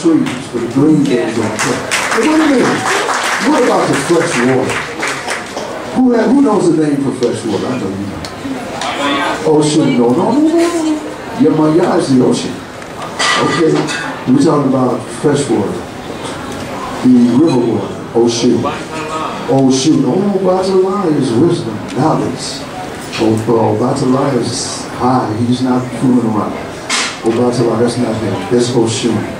trees the green things on top. But wait a minute. What about the fresh water? Who, who knows the name for fresh water? I know you know. Ocean, no, no, no, no. Yeah, my is the ocean. Okay? We're talking about fresh water. The river water. Ocean. Ocean. Oh, Batalai is wisdom, knowledge. Oh, oh Batalai is high. He's not fooling around. Oh, Batalai, that's not him. That's Ocean.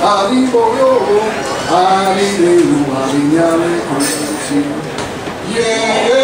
arrivo io, arrivo io, arrivo io, arrivo io,